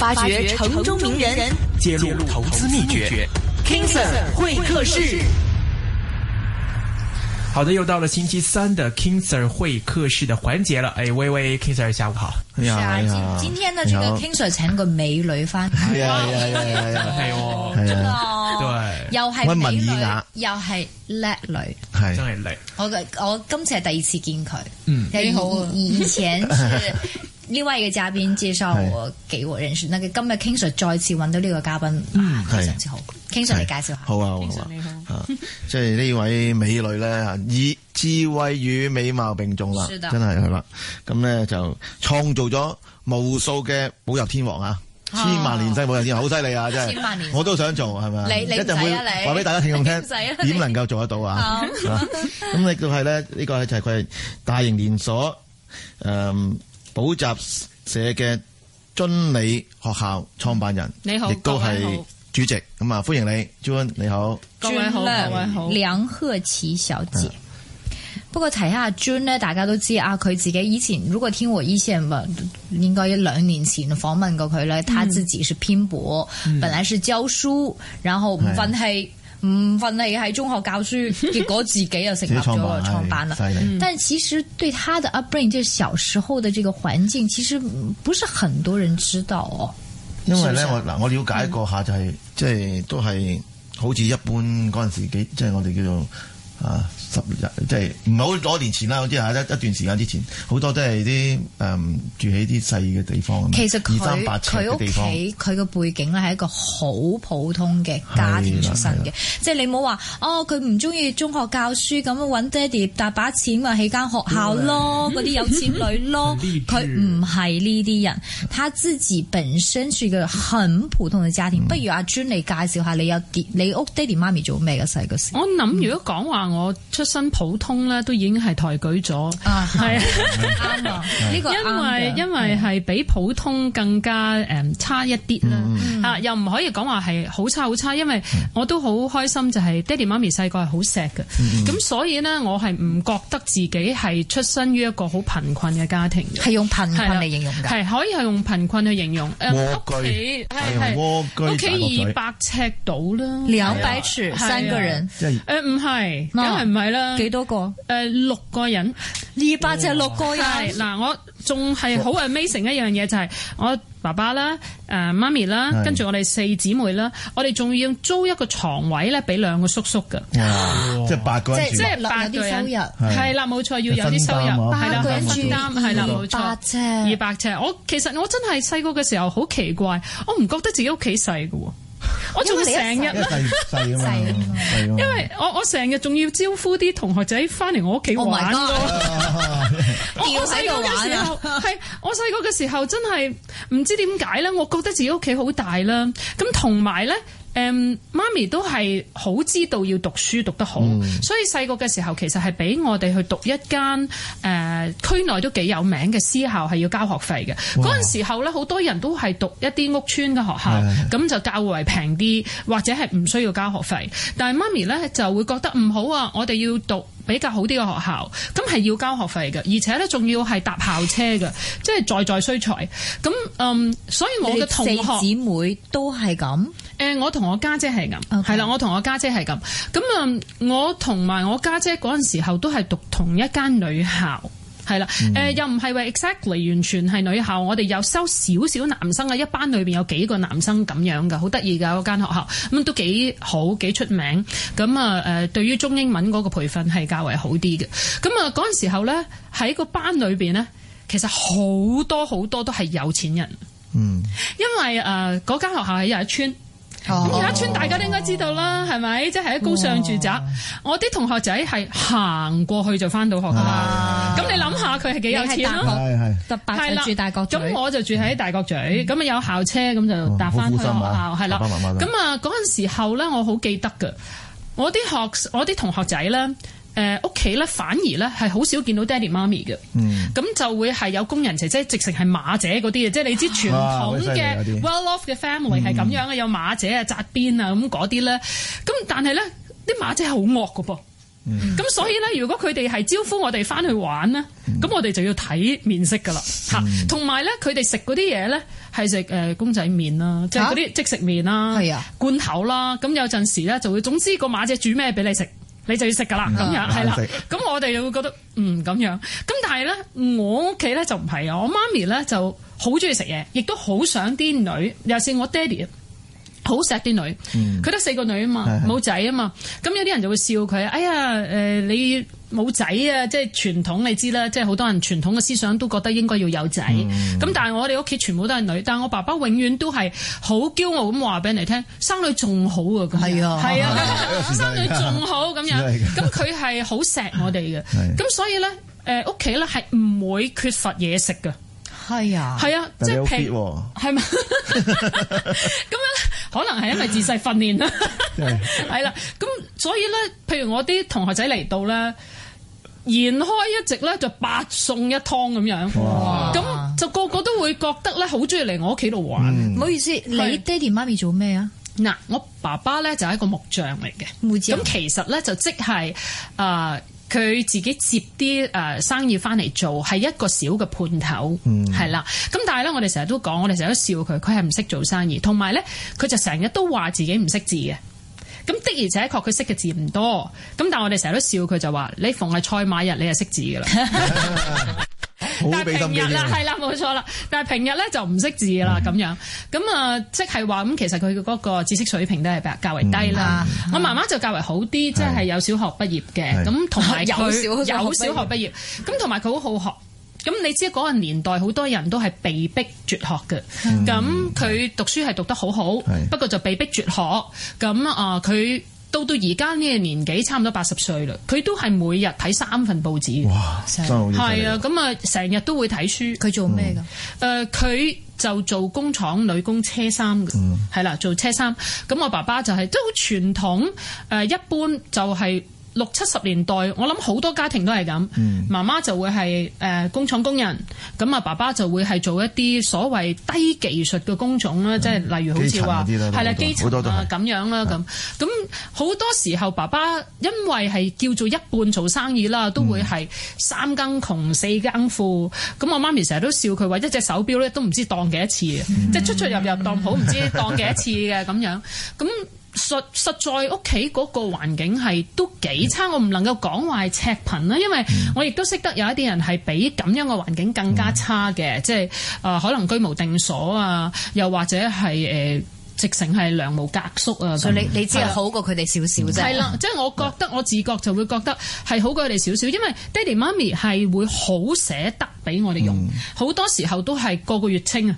發掘城中名人，揭露投資秘訣。King Sir 會客室，好的，又到了星期三的 King Sir 會客室的環節了。哎，喂喂，King Sir，下午好。你好。你好，今天呢，這個 King Sir 請個美女翻。哎哎哎哎，係、啊啊、哦，係、哦哦、啊，對，又係美女，又係叻、啊、女，真係叻。我我今次係第一次見佢，嗯，嗯好，以前是。 呢位嘅嘉賓接受我給我認識，那佢今日 King Sir 再次揾到呢個嘉賓，非常之好。King Sir 嚟介紹下，好啊，King Sir、啊、好，即係呢位美女咧，以智慧與美貌並重啦、啊，真係係啦。咁咧就創造咗無數嘅補習天王啊、啊，千萬年薪補習天王，好犀利啊，真係，我都想做，係咪？你你唔使啊，你話俾大家聽咁聽，點、啊、能夠做得到啊？咁亦都係咧，啊、 呢、這個係就係佢係大型連鎖，誒、嗯。補習社嘅遵理學校創辦人，你好，亦都係主席，咁啊、嗯，歡迎你，June，你好，各位好，位好位好梁賀琪小姐。不過睇下 June 咧，大家都知啊，佢自己以前如果聽我以前話，應該一兩年前訪問過佢咧，他自己是拼搏、嗯，本來是教書，然後唔放棄。唔忿氣喺喺中學教書，結果自己又成立咗創辦啦。 但其實對他的 upbringing，即係小時候嘅這個環境，其實不是很多人知道哦。因為咧，我嗱，我了解過下就係，即係都係好似一般嗰陣時幾，即係我哋叫做。啊，十日，即係唔係好多年前啦，嗰啲啊一一段時間之前，好多都係啲誒住喺啲細嘅地方咁，其實佢佢屋企佢嘅背景咧係一個好普通嘅家庭出身嘅，即係你冇話哦，佢唔中意中學教書咁搵爹哋大把錢咪起間學校咯，嗰啲有錢女咯，佢唔係呢啲人，他自己本身住嘅很普通嘅家庭，嗯。不如阿尊你介紹下你有你屋爹哋媽咪做咩嘅細個時？我諗如果講話。嗯我出身普通咧，都已經係抬舉咗，係啊，呢個、啊、 因為、啊這個、因為係比普通更加誒差一啲啦、嗯，啊、嗯、又唔可以講話係好差好差，因為我都好開心就係爹哋媽咪細個係好錫嘅，咁、嗯嗯、所以呢，我係唔覺得自己係出身於一個好貧困嘅家庭，係用貧困嚟形容嘅，係、啊、可以係用貧困去形容，屋企屋企，屋企二百尺到啦，兩百尺、啊、三個人，誒唔係。呃梗係唔係啦，幾多個？誒、呃，六個人，二百呎六個人。係嗱，我仲係好係 amazing 一樣嘢，就係、是、我爸爸啦，誒媽咪啦，跟住我哋四姊妹啦，我哋仲要租一個床位咧，俾兩個叔叔嘅。哇！即係八個人即係即係，八個人收入係啦，冇錯，要有啲收入。八個人分擔係啦，冇錯，二百呎。我其實我真係細個嘅時候好奇怪，我唔覺得自己屋企細嘅。我仲咗成日，係，因為我我成日仲要招呼啲同學仔翻嚟我屋企玩，oh、我細個嘅時候係， 我細個嘅時候真係唔知點解咧，我覺得自己屋企好大啦，咁同埋咧。嗯、媽咪都係好知道要讀書讀得好，嗯、所以細個嘅時候其實係俾我哋去讀一間、呃、區內都幾有名嘅私校，係要交學費嘅。嗰陣時候咧，好多人都係讀一啲屋村嘅學校，咁就較為平啲，或者係唔需要交學費。但係媽咪咧就會覺得唔好啊，我哋要讀比較好啲嘅學校，咁係要交學費嘅，而且咧仲要係搭校車嘅，即係在在需財。咁嗯，所以我嘅同學姊妹都係咁。我同我家姐係咁，係、okay. 啦，我同我家姐係咁。咁啊，我同埋我家姐嗰陣時候都係讀同一間女校，係啦。誒、mm -hmm.，又唔係話 exactly 完全係女校，我哋又收少少男生，一班裏面有幾個男生咁樣嘅，好得意嘅嗰間學校。咁都幾好，幾出名。咁啊，對於中英文嗰個培訓係較為好啲嘅。咁啊，嗰陣時候咧喺個班裏面咧，其實好多好多都係有錢人。嗯、mm -hmm.，因為誒嗰間學校喺又一村。咁而家村大家都應該知道啦，係咪？即係喺高尚住宅，哦、我啲同,、啊哦啊、同學仔係行過去就翻到學噶啦。咁你諗下，佢係幾有錢啦？係係，住大角咀。咁我就住喺大角咀。咁啊有校車咁就搭翻去學校，係啦。咁啊嗰陣時候咧，我好記得噶，我啲學我啲同學仔咧。誒屋企咧，反而咧係好少見到爹哋媽咪嘅，咁、嗯、就會係有工人姐姐直情係馬姐嗰啲嘅，即、嗯、係你知道傳統嘅 well-off 嘅 family 係咁樣嘅，有馬姐啊、紮邊啊咁嗰啲咧。咁但係咧，啲馬姐好惡噶噃。咁、嗯、所以咧、嗯，如果佢哋係招呼我哋翻去玩、嗯嗯、呢，咁我哋就要睇面色噶啦嚇。同埋咧，佢哋食嗰啲嘢咧係食誒公仔麵啦，即係嗰啲即食麵啦、啊、罐頭啦。咁有陣時咧就會，總之個馬姐煮咩俾你食。你就要食噶啦，咁、嗯、樣係啦，咁、嗯嗯、我哋就會覺得嗯咁樣，咁但係咧，我屋企咧就唔係啊，我媽咪咧就好中意食嘢，亦都好想啲女，尤其是我爹哋。好錫啲女，佢、嗯、得四個女啊嘛，冇仔啊嘛，咁有啲人就會笑佢，哎呀，呃、你冇仔啊，即係傳統你知啦，即係好多人傳統嘅思想都覺得應該要有仔，咁、嗯、但係我哋屋企全部都係女，但係我爸爸永遠都係好驕傲咁話俾你聽，生女仲好啊，係啊，係啊，生女仲好咁樣，咁佢係好錫我哋嘅，咁所以咧，誒屋企咧係唔會缺乏嘢食㗎。係啊，係啊，即係平，係嘛，咁樣。可能係因為自細訓練啦，係 啦， 咁所以咧，譬如我啲同學仔嚟到咧，延開一直咧就八餸一湯咁樣，哇，咁就個個都會覺得咧好中意嚟我屋企度玩。唔、嗯、好意思，你爹哋媽咪做咩啊？嗱，我爸爸咧就係一個木匠嚟嘅。木匠？咁其實咧就即係誒。呃佢自己接啲誒生意翻嚟做，係一個小嘅判頭，係、嗯、啦。咁但係咧，我哋成日都講，我哋成日都笑佢，佢係唔識做生意。同埋咧，佢就成日都話自己唔識字嘅。咁的而且確，佢識嘅字唔多。咁但係我哋成日都笑佢就話：你逢係賽馬日，你就識字噶啦。 但係平日啦，係啦，冇錯啦。但係平日咧就唔識字啦，咁樣咁啊，即係話咁，其實佢嗰個知識水平都係比較為低啦、嗯。我媽媽就較為好啲，即係、就是、有小學畢業嘅，咁同埋有小學畢業，咁同埋佢好好學。咁你知嗰個年代好多人都係被逼輟學嘅，咁佢讀書係讀得好好，不過就被逼輟學。咁啊，佢、呃。到到而家呢個年紀，差唔多八十歲啦，佢都係每日睇三份報紙。哇，係啊，咁啊，成日都會睇書。佢做咩噶？誒、嗯，佢、呃、就做工廠女工，車衫嘅，係、嗯、啦、啊，做車衫。咁我爸爸就係、即係、都好傳統，誒，一般就係、是。六七十年代，我諗好多家庭都係咁，媽、嗯、媽就會係、誒、工廠工人，咁啊爸爸就會係做一啲所謂低技術嘅工種啦，即、嗯、係例如好似話係啦基層咁樣啦咁，咁好多時候爸爸因為係叫做一半做生意啦、嗯，都會係三更窮四更富，咁我媽咪成日都笑佢話一隻手錶咧都唔知當幾多次，即、嗯、係、就是、出出入入、嗯、當舖唔知當幾多次嘅咁、嗯、 樣，咁。實在屋企嗰個環境係都幾差，我唔能夠講話赤貧啦，因為我亦都識得有一啲人係比咁樣嘅環境更加差嘅、嗯，即係、呃、可能居無定所啊，又或者係、呃、直情係糧無隔宿啊。所以你你只係好過佢哋少少啫。係啦，即、就、係、是、我覺得我自覺就會覺得係好過佢哋少少，因為爹哋媽咪係會好捨得俾我哋用，好、嗯、多時候都係個個月清啊。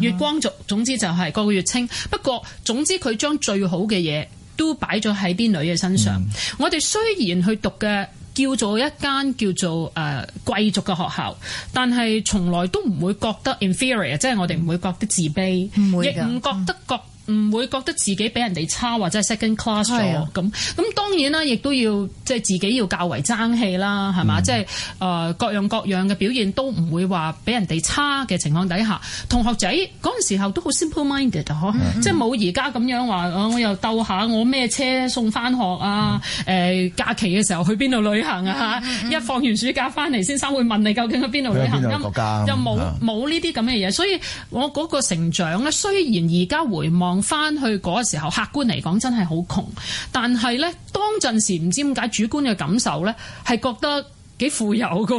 月光族，總之就係個個月清。不過總之佢將最好嘅嘢都擺咗喺啲女嘅身上。嗯、我哋雖然去讀嘅叫做一間叫做誒、呃、貴族嘅學校，但係從來都唔會覺得 inferior，即係我哋唔會覺得自卑，亦、嗯、唔覺，覺得覺。唔會覺得自己俾人哋差或者 second class 咗咁，咁當然啦，亦都要即係自己要較為爭氣啦，係嘛？嗯、即係誒、呃、各樣各樣嘅表現都唔會話俾人哋差嘅情況底下，同學仔嗰陣時候都好 simple minded、嗯、即係冇而家咁樣話，哦、呃、我又鬥下我咩車送翻學啊？誒、嗯呃、假期嘅時候去邊度旅行啊？嗯、一放完暑假翻嚟，嗯、先生會問你究竟去邊度旅行？又冇冇呢啲咁嘅嘢，所以我嗰個成長咧，雖然而家回望，翻去嗰時候，客觀嚟講真係好窮，但係咧當陣時唔知點解，主觀嘅感受咧係覺得幾富有噶。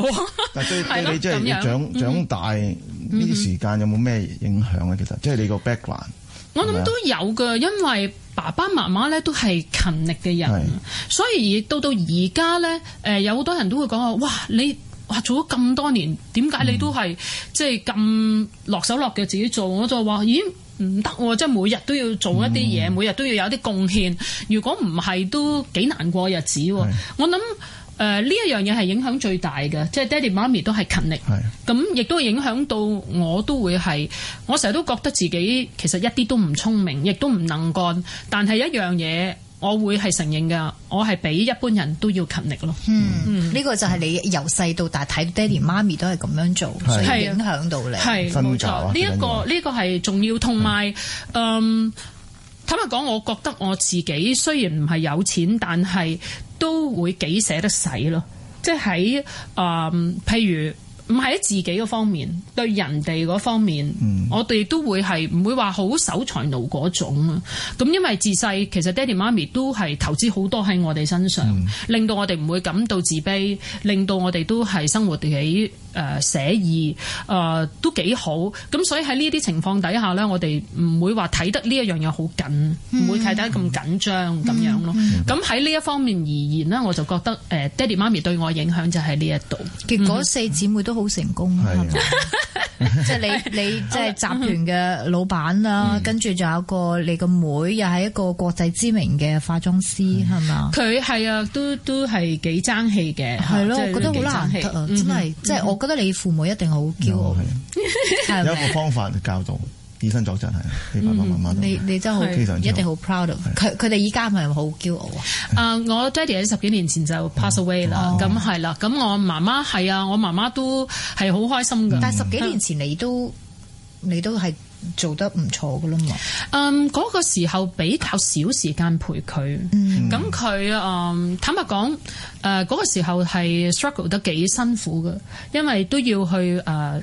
係 對你即係長咁樣長大、嗯、這些間，有有呢啲時間有冇咩影響咧？其、嗯、實即係你個 background，我諗都有噶因為爸爸媽媽咧都係勤力嘅人的，所以到到而家咧，誒有好多人都會講話哇，你哇做咗咁多年，點解你都係、嗯、即係咁落手落腳自己做？我就話咦。唔得喎，即係每日都要做一啲嘢，每日都要有啲貢獻。如果唔係，都幾難過日子喎。我諗誒呢一樣嘢係影響最大嘅，即係爹哋媽咪都係勤力，咁亦都影響到我都會係。我成日都覺得自己其實一啲都唔聰明，亦都唔能幹，但係一樣嘢。我會係承認噶，我係比一般人都要勤力咯。嗯，呢、嗯，這個就係你由細到大睇爹哋媽咪都係咁樣做，所以影響到你。係冇、嗯、錯，呢一、這個呢、這個係重要，同埋，嗯，坦白講，我覺得我自己雖然唔係有錢，但係都會幾捨得使咯。即係，嗯，譬如。唔係喺自己嗰方面，對人哋嗰方面，嗯、我哋都會係唔會話好守財奴嗰種啊。咁因為自細其實爹哋媽咪都係投資好多喺我哋身上，嗯，令到我哋唔會感到自卑，令到我哋都係生活喺誒寫意誒、呃、都幾好，咁所以喺呢啲情況底下咧，我哋唔會話睇得呢一樣嘢好緊，唔、嗯、會睇得咁緊張咁、嗯、樣咯。咁喺呢一方面而言咧，我就覺得誒、呃、爹哋媽咪對我影響就喺呢一度。結果四姊妹都好成功啦，即、嗯、係、啊、 你你即係集團嘅老闆啦、嗯，跟住就有一個你個妹又係一個國際知名嘅化妝師，係嘛？佢係啊，都都係幾爭氣嘅，係咯，覺得好難得啊、嗯，真係，即係我咁你父母一定好驕傲係係係係，有一個方法教導以身作則係、嗯，你爸爸媽媽都你你真係好，非常一定好 proud 佢。佢佢哋依家咪好驕傲啊！啊、uh，我爹哋喺十幾年前就 pass away 啦，咁係啦，咁我媽媽係啊，我媽媽都係好開心噶。但係十幾年前你都你都係。做得唔錯嘅啦嘛，嗯，嗰個時候比較少時間陪佢，嗯，咁佢啊，坦白講，誒、嗰個時候係 struggle 得幾辛苦嘅，因為都要去誒。呃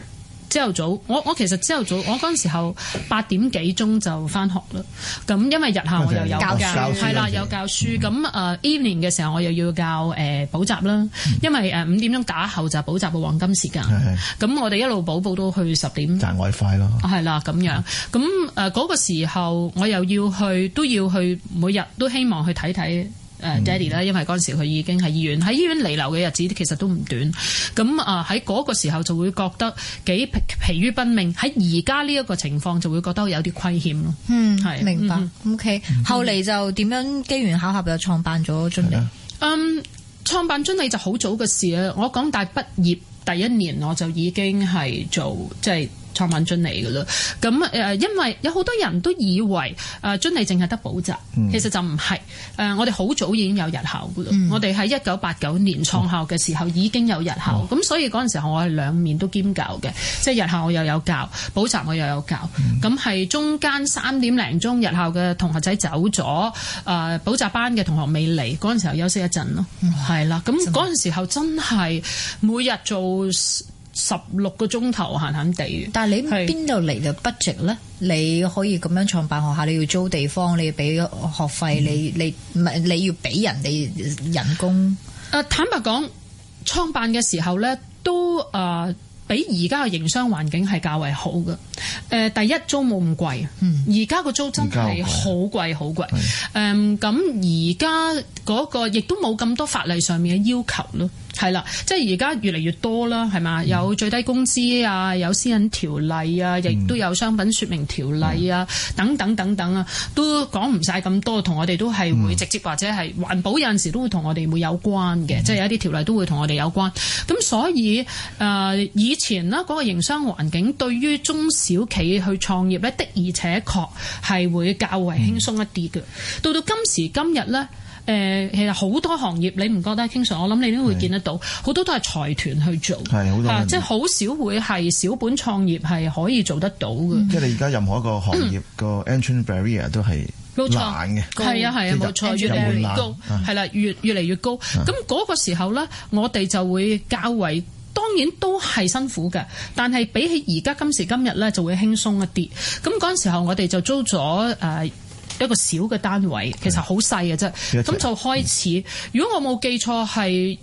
朝頭早，我我其實朝頭早,上早上，我嗰陣時候八點幾鐘就翻學啦。咁因為日下我又有教嘅，係啦有教書。咁誒 Evening 嘅時候我又要教誒補習啦，因為誒五點鐘打後就補習嘅黃金時間。咁、嗯、我哋一路補補到去十點。但、就是、賺外快囉。係啦，咁樣。咁誒，嗰、那個時候我又要去都要去，每日都希望去睇睇。誒爹哋啦，因為嗰陣時佢已經喺醫院喺醫院彌留嘅日子，其實都唔短。咁啊喺嗰個時候就會覺得幾疲疲於奔命，喺而家呢一個情況就會覺得有啲虧欠咯。嗯，係明白。嗯，OK，嗯，後嚟就點樣機緣巧合又創辦咗遵理？嗯，um, 創辦遵理就好早嘅事啦。我講大畢業第一年我就已經係做即係。就是創文遵理㗎喇。咁因為有好多人都以為誒遵理淨係得補習，其實就唔係。我哋好早已經有日校、嗯，我哋喺一九八九年創校嘅時候已經有日校，咁、嗯嗯、所以嗰陣時候我係兩面都兼教嘅，即係日校我又有教，補習我又有教，咁、嗯、係中間三點零鐘日校嘅同學仔走咗，誒補習班嘅同學未嚟，嗰陣時候休息一陣咯，係、嗯、啦，咁嗰、那個、時候真係每日做。十六個鐘頭閒閒地，但係你邊度嚟嘅 budget 咧？你可以咁樣創辦學校，你要租地方，你要俾學費、嗯，你你唔係你要俾人哋人工。誒、啊，坦白講，創辦嘅時候咧，都誒、呃、比而家嘅營商環境係較為好嘅。誒、呃，第一租冇咁貴，而家個租真係好貴好貴。誒，咁而家嗰個亦都冇咁多法例上面嘅要求咯。係啦，即係而家越嚟越多啦，係嘛？有最低工資啊，有私隱條例啊，亦都有商品說明條例啊、嗯，等等等等啊，都講唔晒咁多。同我哋都係會直接或者係環保有陣時都會同我哋會有關嘅、嗯，即係有一啲條例都會同我哋有關。咁所以誒、呃，以前啦嗰個營商環境對於中小企業去創業呢的而且確係會較為輕鬆一啲嘅。到到今時今日呢。誒、呃、其實好多行業，你唔覺得經常？我諗你都會見得到，好多都係財團去做，好多，即係好少會係小本創業係可以做得到嘅、嗯。即係你而家任何一個行業個 entrance barrier 都係難嘅，係啊係啊，冇錯，越嚟越高，係、啊、啦，越越嚟越高。咁嗰個時候咧，我哋就會較為當然都係辛苦嘅，但係比起而家今時今日咧，就會輕鬆一啲。咁嗰陣時候，我哋就租咗誒。呃一個小嘅單位，其實好細嘅啫，咁、嗯、就開始。如果我冇記錯，係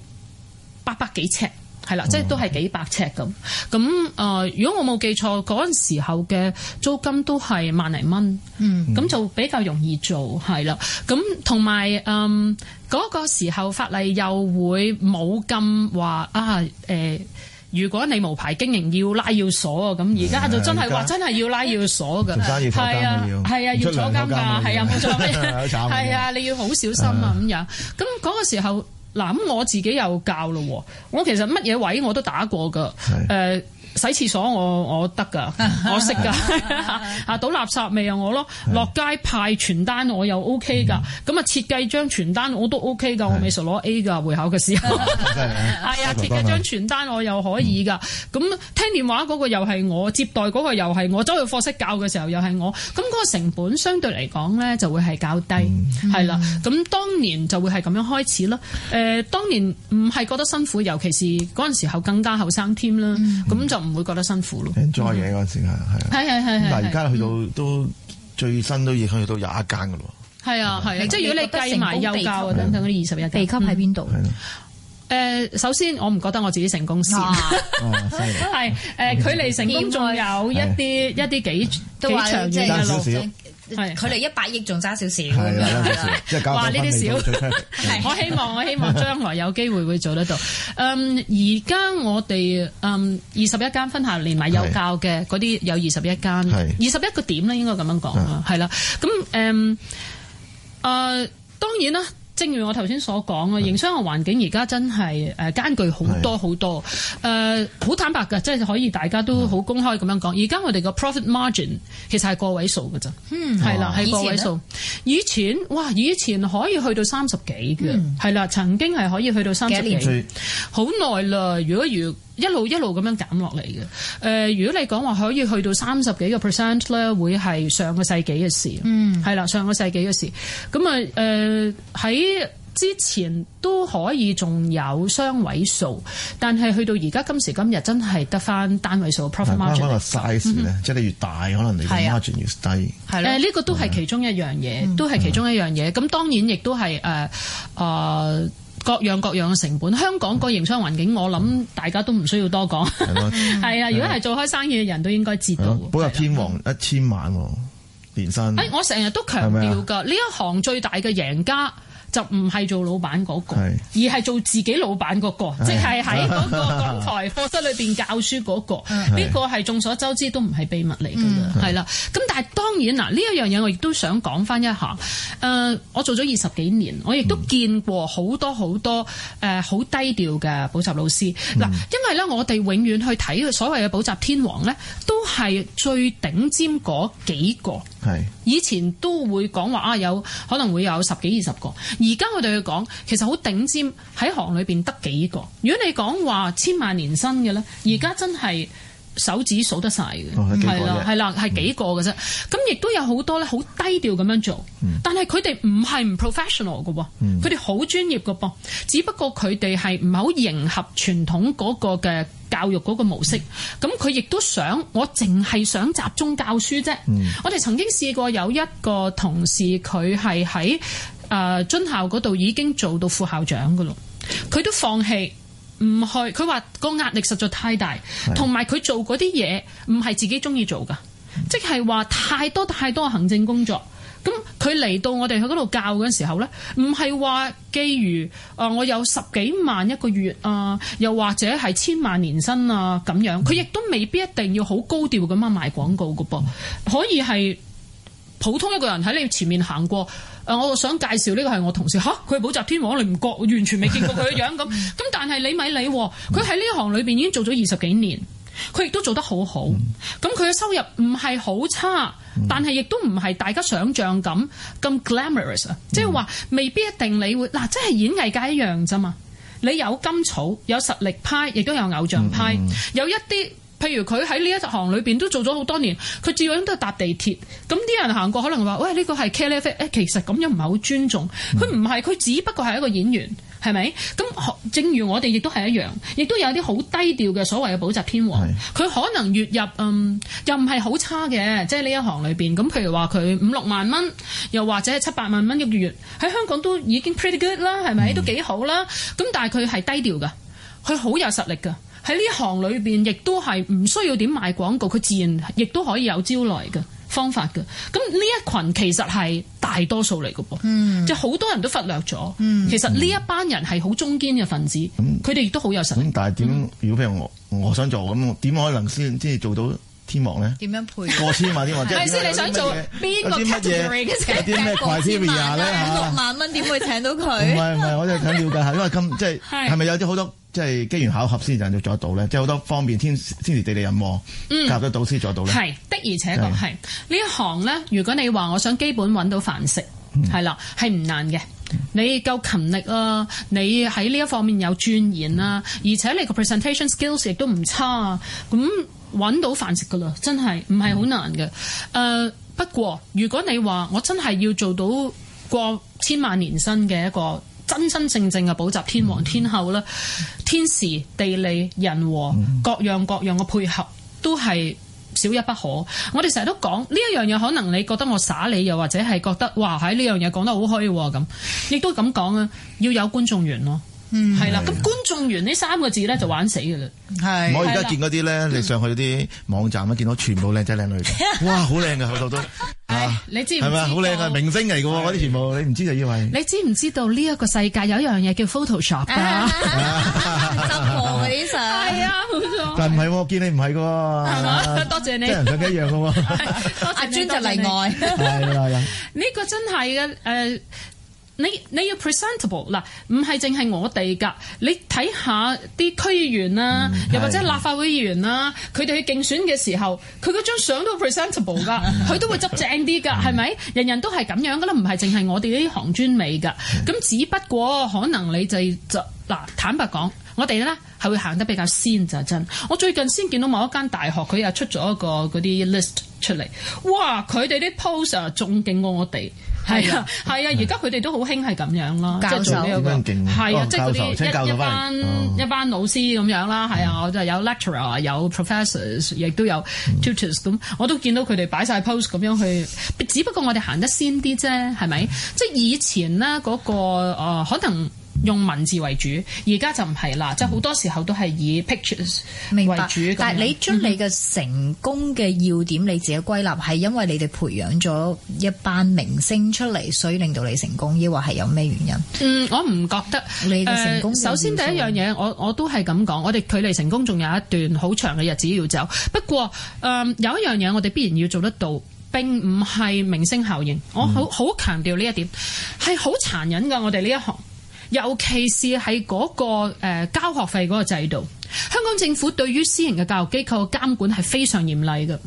八百幾尺，係啦、嗯，即係都係幾百尺咁。咁誒、呃，如果我冇記錯，嗰陣時候嘅租金都係萬零蚊，咁、嗯、就比較容易做，係啦。咁同埋誒嗰個時候法例又會冇咁話啊、呃如果你無牌經營要拉要鎖啊，咁而家就真係話真係要拉要鎖噶，係啊，係啊，要坐監架，係啊，冇錯，係啊，啊， 啊，你要好小心啊咁樣。咁嗰、啊嗰個時候，嗱我自己又教咯，我其實乜嘢位我都打過噶，誒、啊。呃洗廁所我我得噶，我識噶，啊 倒垃圾咪又我咯，落街派傳單我又 O K 噶，咁啊設計張傳單我都 O K 噶，我未熟攞 A 噶會考嘅時候，係 的是 啊設計張傳單我又可以噶，咁、嗯嗯、聽電話嗰個又係我，接待嗰個又係我，走去課室教嘅時候又係我，咁嗰個成本相對嚟講咧就會係較低，係、嗯、啦，咁、嗯、當年就會係咁樣開始囉、呃。當年唔係覺得辛苦，尤其是嗰陣時候更加後生添啦，咁、嗯嗯、就。唔會覺得辛苦咯，enjoy 嘢嗰陣時係啊，係係嗱，而家去到都、嗯、最新都已經去到廿一間噶咯。係啊係啊，即係如果你計埋幼教等等嗰啲二十一間。地級喺邊度？誒、呃，首先我唔覺得我自己成功先，係、啊、誒、啊 哦呃，距離成功仲有一啲一啲幾都幾長係佢哋一百億仲爭少少，咁話呢啲少，小，是的是的是的，我希望我希望將來有機會會做得到。而家、嗯、我哋嗯二十一間分校連埋有教嘅嗰啲有二十一間，二十一個點咧，應該咁樣講係啦。咁誒、嗯呃、當然啦。正如我頭先所講啊，營商嘅環境而家真係誒艱巨好多好多，誒好、uh, 坦白㗎，即係可以大家都好公開咁樣講。而家我哋個 profit margin 其實係個位數㗎咋，係、嗯、啦，係個位數。以前，以前哇，以前可以去到三十幾嘅，係、嗯、啦，曾經係可以去到三十幾，好耐啦。如果如一路一路咁樣減落嚟嘅。誒，如果你講話可以去到三十幾個 percent 咧，會係上個世紀嘅事。嗯，係啦，上個世紀嘅事。咁啊，喺、呃、之前都可以仲有雙位數，但係去到而家今時今日真係得翻單位數。profit、嗯、margin size 咧、嗯，即係你越大，可能你越 margin 越低。係啦，呢個都係其中一樣嘢、嗯，都係其中一樣嘢。咁、嗯嗯、當然亦都係誒各樣各樣嘅成本，香港個營商環境，我諗大家都唔需要多講。係啊， 如果係做開生意嘅人都應該知道。補習天王一千萬、哦、連薪。誒、哎，我成日都強調㗎，呢一行最大嘅贏家，就唔係做老闆嗰個，而係做自己老闆嗰個，即係喺嗰個講台課室裏邊教書嗰個。呢個係眾所周知都唔係秘密嚟噶啦，係、嗯、啦。咁但係當然嗱，呢一樣嘢我亦都想講翻一下。誒、呃，我做咗二十幾年，我亦都見過好多好多誒好、呃、低調嘅補習老師嗱、嗯。因為呢，我哋永遠去睇所謂嘅補習天王呢，都係最頂尖嗰幾個。以前都會講話啊，有可能會有十幾二十個。而家我哋去講，其實好頂尖，喺行裏邊得幾個。如果你講話，千萬年薪嘅呢，而家真係。手指數得晒嘅，係、哦、啦，係啦，係幾個嘅啫。咁亦都有好多咧，好低調咁樣做，嗯、但係佢哋唔係唔 professional 嘅喎，佢哋好專業嘅噃、嗯。只不過佢哋係唔係好迎合傳統嗰個嘅教育嗰個模式。咁佢亦都想，我淨係想集中教書啫、嗯。我哋曾經試過有一個同事，佢係喺誒津校嗰度已經做到副校長嘅咯，佢都放棄。唔去，佢話個壓力實在太大，同埋佢做嗰啲嘢唔係自己中意做噶，即係話太多太多行政工作。咁佢嚟到我哋去嗰度教嘅時候呢，唔係話，基於啊，我有十幾萬一個月啊，又或者係千萬年薪啊咁樣，佢亦都未必一定要好高調咁樣賣廣告噶噃，可以係。普通一個人喺你前面行過，呃，我想介紹呢個係我同事吓，佢係補習天王，你唔覺完全未見過佢嘅樣咁，咁 但係你咪理，佢喺呢一行裏面已經做咗二十幾年，佢亦都做得好好，咁佢嘅收入唔係好差， 但係亦都唔係大家想象咁咁 glamorous 啊， 即係話未必一定你會嗱，即係演藝界一樣咋嘛，你有甘草有實力派，亦都有偶像派， 有一啲。譬如佢喺呢一行裏邊都做咗好多年，佢照樣都係搭地鐵。咁啲人行過可能話，喂，呢、這個係 Kelly F，其實咁樣唔係好尊重。佢唔係，佢只不過係一個演員，係咪？咁正如我哋亦都係一樣，亦都有啲好低調嘅所謂嘅補習天王。佢可能月入嗯又唔係好差嘅，即係呢一行裏邊。咁譬如話佢五六萬蚊，又或者係七八萬蚊一個月，喺香港都已經 pretty good 啦，係咪？都幾好啦。咁、嗯、但係佢係低調噶，佢好有實力噶。喺呢行裏面亦都係唔需要點賣廣告，佢自然亦都可以有招來嘅方法嘅。咁呢一群其實係大多數嚟嘅噃，即係好多人都忽略咗、嗯。其實呢一班人係好中堅嘅分子，佢、嗯、哋亦都好有實力。咁、嗯、但係點？如果譬如我我想做咁，點可能先即係做到天王咧？點樣配過千萬天王？唔 係，即係你想做邊個 category 嘅產品咧？六萬蚊點會請到佢？唔係唔係，我係想了解下，因為咁即係係咪有啲好多？即係機緣巧合先至做得到咧，即係好多方面天時地利人和夾咗到先做到咧。係、嗯、的而且確係呢一行咧。如果你話我想基本搵到飯食，係、嗯、啦，係唔難嘅。你夠勤力啊，你喺呢一方面有鑽研啦、啊嗯，而且你個 presentation skills 亦都唔差啊。咁搵到飯食㗎喇，真係唔係好難嘅。誒、嗯 uh, 不過如果你話我真係要做到過千萬年薪嘅一個。真真正正嘅補習天王天后啦，天時地利人和，各樣各樣嘅配合都係少一不可。我哋成日都講呢一樣嘢，可能你覺得我耍你，又或者係覺得哇喺呢樣嘢講得好虛喎。咁，亦都咁講啊，要有觀眾緣咯。嗯，係啦，咁觀眾員呢三個字咧就玩死噶啦。係、啊，我而家見嗰啲咧，你上去啲網站咧，見到全部靚仔靚女，女，哇，好靚噶，好多都唉。你知唔知？係咪？好靚噶，明星嚟噶喎。嗰啲全部，你唔知就以為。你知唔知道呢一個世界有一樣嘢叫 Photoshop 啊？十毫起上，係啊，好、啊、錯。但唔係，啊啊 啊啊、我見你唔係噶。係、啊、嘛，多謝你。啲人上一樣噶、啊、喎。阿尊就例外。呢、 啊這個真係嘅，誒、呃。你你要 presentable 嗱，唔係淨係我哋噶。你睇下啲區議員啦、啊，又或者立法會議員啦、啊，佢哋去競選嘅時候，佢嗰張相都 presentable 噶，佢 都會執正啲噶，係咪？ 人人都係咁樣噶啦，唔係淨係我哋呢行專美噶。咁 只不過可能你就就嗱，坦白講，我哋咧係會行得比較先就真。我最近先見到某一間大學，佢又出咗一個嗰啲 list 出嚟，哇！佢哋啲 post 仲勁過我哋。係啊，係啊，而家佢哋都好興係咁樣咯、就係呢個啊哦，即係做嗰啲咁樣勁，係啊，即係嗰啲一班、哦、一班老師咁樣啦，係啊，我、嗯、就有 lecturer，有 professors，亦都有 tutors，咁我都見到佢哋擺晒 post 咁樣去，只不過我哋行得先啲啫，係咪？ 即係以前呢、那、嗰個、呃、可能。用文字為主，而家就唔係啦，即係好多時候都係以 pictures 為主。明白，但係你將你嘅成功嘅要點你自己歸納，係、嗯、因為你哋培養咗一班明星出嚟，所以令到你成功，抑或係有咩原因？嗯，我唔覺得你嘅成功、呃。首先第一樣嘢，我我都係咁講，我哋距離成功仲有一段好長嘅日子要走。不過，誒、呃、有一樣嘢，我哋必然要做得到，並唔係明星效應。嗯、我好好強調呢一點係好殘忍㗎。我哋呢一行。尤其是喺 𠮶 個誒交學費 𠮶 個制度。香港政府對於私營嘅教育機構嘅監管係非常嚴厲嘅，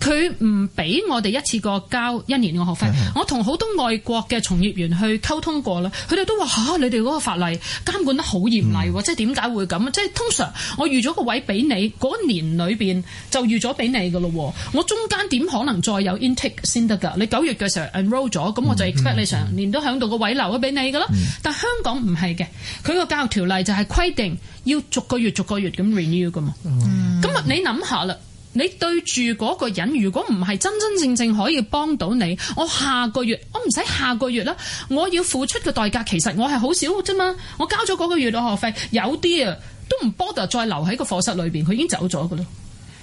佢唔俾我哋一次過交一年嘅學費。我同好多外國嘅從業員去溝通過啦，佢哋都話、啊、你哋嗰個法例監管得好嚴厲，即係點解會咁？即係通常我預咗個位俾你，嗰年裏面就預咗俾你嘅咯。我中間點可能再有 intake 先得㗎？你九月嘅時候 enroll 咗，咁我就 expect、嗯嗯、你成年都喺度個位留咗俾你㗎咯、嗯嗯。但香港唔係嘅，佢個教育條例就係規定要逐個月、逐個月。咁 renew 噶嘛？咁、嗯、啊，你諗下啦，你對住嗰個人，如果唔係真真正正可以幫到你，我下個月，我唔使下個月啦，我要付出嘅代價，其實我係好少啫嘛。我交咗嗰個月嘅學費，有啲啊都唔 bother 再留喺個課室裏邊，佢已經走咗噶啦。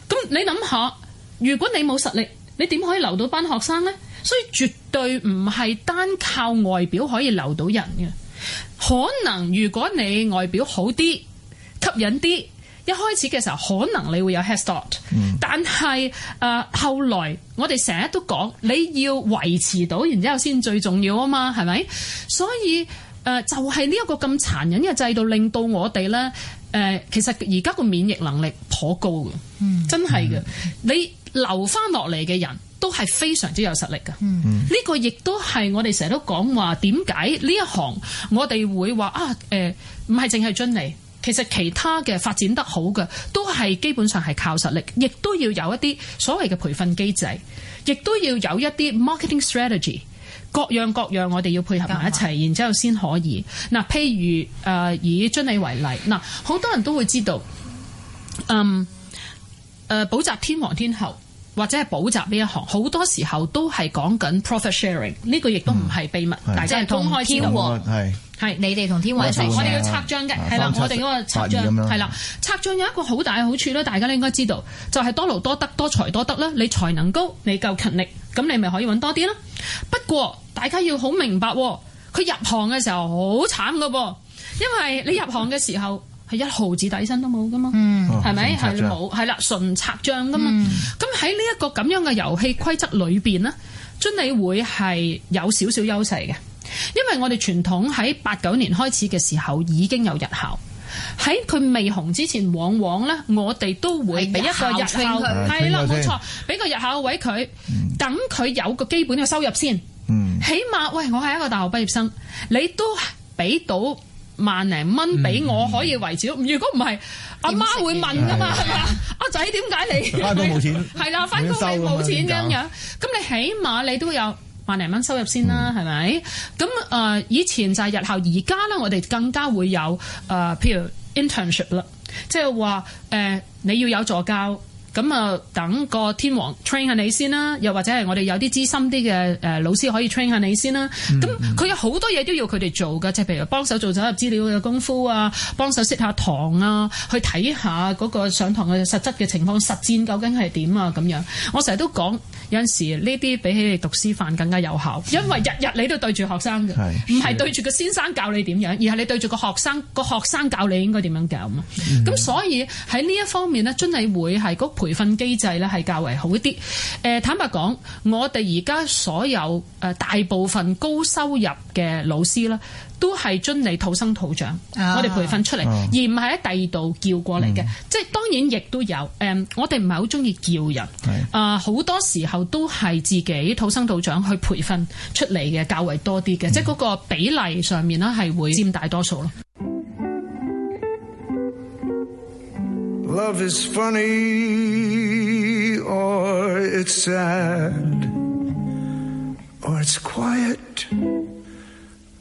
咁你諗下，如果你冇實力，你點可以留到班學生呢？所以絕對唔係單靠外表可以留到人嘅。可能如果你外表好啲，吸引啲。一開始嘅時候可能你會有 head start、嗯、但係誒、呃、後來我哋成日都講你要維持到然之後先最重要啊嘛，係咪？所以誒、呃、就係呢一個咁殘忍嘅制度，令到我哋咧誒其實而家個免疫能力頗高嘅、嗯，真係嘅、嗯。你留翻落嚟嘅人都係非常之有實力嘅，呢、嗯這個亦都係我哋成日都講話點解呢一行我哋會話啊誒唔係淨係遵理。呃其實其他嘅發展得好嘅，都係基本上係靠實力，亦都要有一啲所謂嘅培訓機制，亦都要有一啲 marketing strategy，各樣各樣我哋要配合埋一齊，然之後先可以。嗱，譬如誒、呃、以遵理為例，嗱好多人都會知道，嗯誒、呃、補習天王天后，或者係補習呢一行，好多時候都係講緊 profit sharing，呢個亦都唔係秘密，嗯、大家即通公開資係你哋同天一成，我哋要拆賬嘅，係啦，我哋嗰個拆賬，係啦，拆賬有一個好大嘅好處咧，大家應該知道，就係、是、多勞多得，多才多得啦。你才能高，你夠勤力，咁你咪可以搵多啲啦。不過大家要好明白，佢入行嘅時候好慘噶噃，因為你入行嘅時候係、嗯、一毫子底薪都冇噶、嗯哦、嘛，係、嗯、咪？係冇，係、嗯、啦，純拆賬噶嘛。咁喺呢一個咁樣嘅遊戲規則裏邊呢，遵理會係有少少優勢嘅。因為我哋傳統喺八九年開始嘅時候已經有日校，喺佢未紅之前，往往咧我哋都會俾一個日校，係啦，冇錯，俾個日校嘅位佢、嗯，等佢有個基本嘅收入先。嗯，起碼喂，我係一個大學畢業生，你都俾到萬零蚊俾我、嗯、可以維持。如果唔係，阿媽會，會問噶嘛？係嘛？阿仔點解你？阿哥冇錢係啦，返 工你冇錢咁樣，咁你起碼你都有。萬零蚊收入先啦，係、嗯、咪？咁誒，以前就係日後，而家咧，我哋更加會有誒，譬如 internship 啦，即係話誒，你要有助教，咁啊，等個天王 train 下你先啦，又或者係我哋有啲資深啲嘅老師可以 train 下你先啦。咁、嗯、佢有好多嘢都要佢哋做㗎，即係譬如幫手做咗入資料嘅功夫啊，幫手識下堂啊，去睇下嗰個上堂嘅實質嘅情況，實戰究竟係點啊？咁樣，我成日都講。有時呢啲比起你讀師範更加有效，因為日日你都對住學生嘅，唔係對住個先生教你點樣，而係你對住個學生，個學生教你應該點樣教啊！咁、mm -hmm. 所以喺呢一方面咧，真係會係、個培訓機制咧係較為好啲。誒、呃，坦白講，我哋而家所有誒、呃、大部分高收入嘅老師咧。都係遵理土生土長，啊、我哋培訓出嚟，啊，而唔係喺第二度叫過嚟嘅，嗯。即係當然亦都有，我哋唔係好中意叫人，啊，好，呃、多時候都係自己土生土長去培訓出嚟嘅較為多啲嘅，嗯，即係嗰個比例上面啦，係會佔大多數咯。Love is funny or it's sad or it's quiet.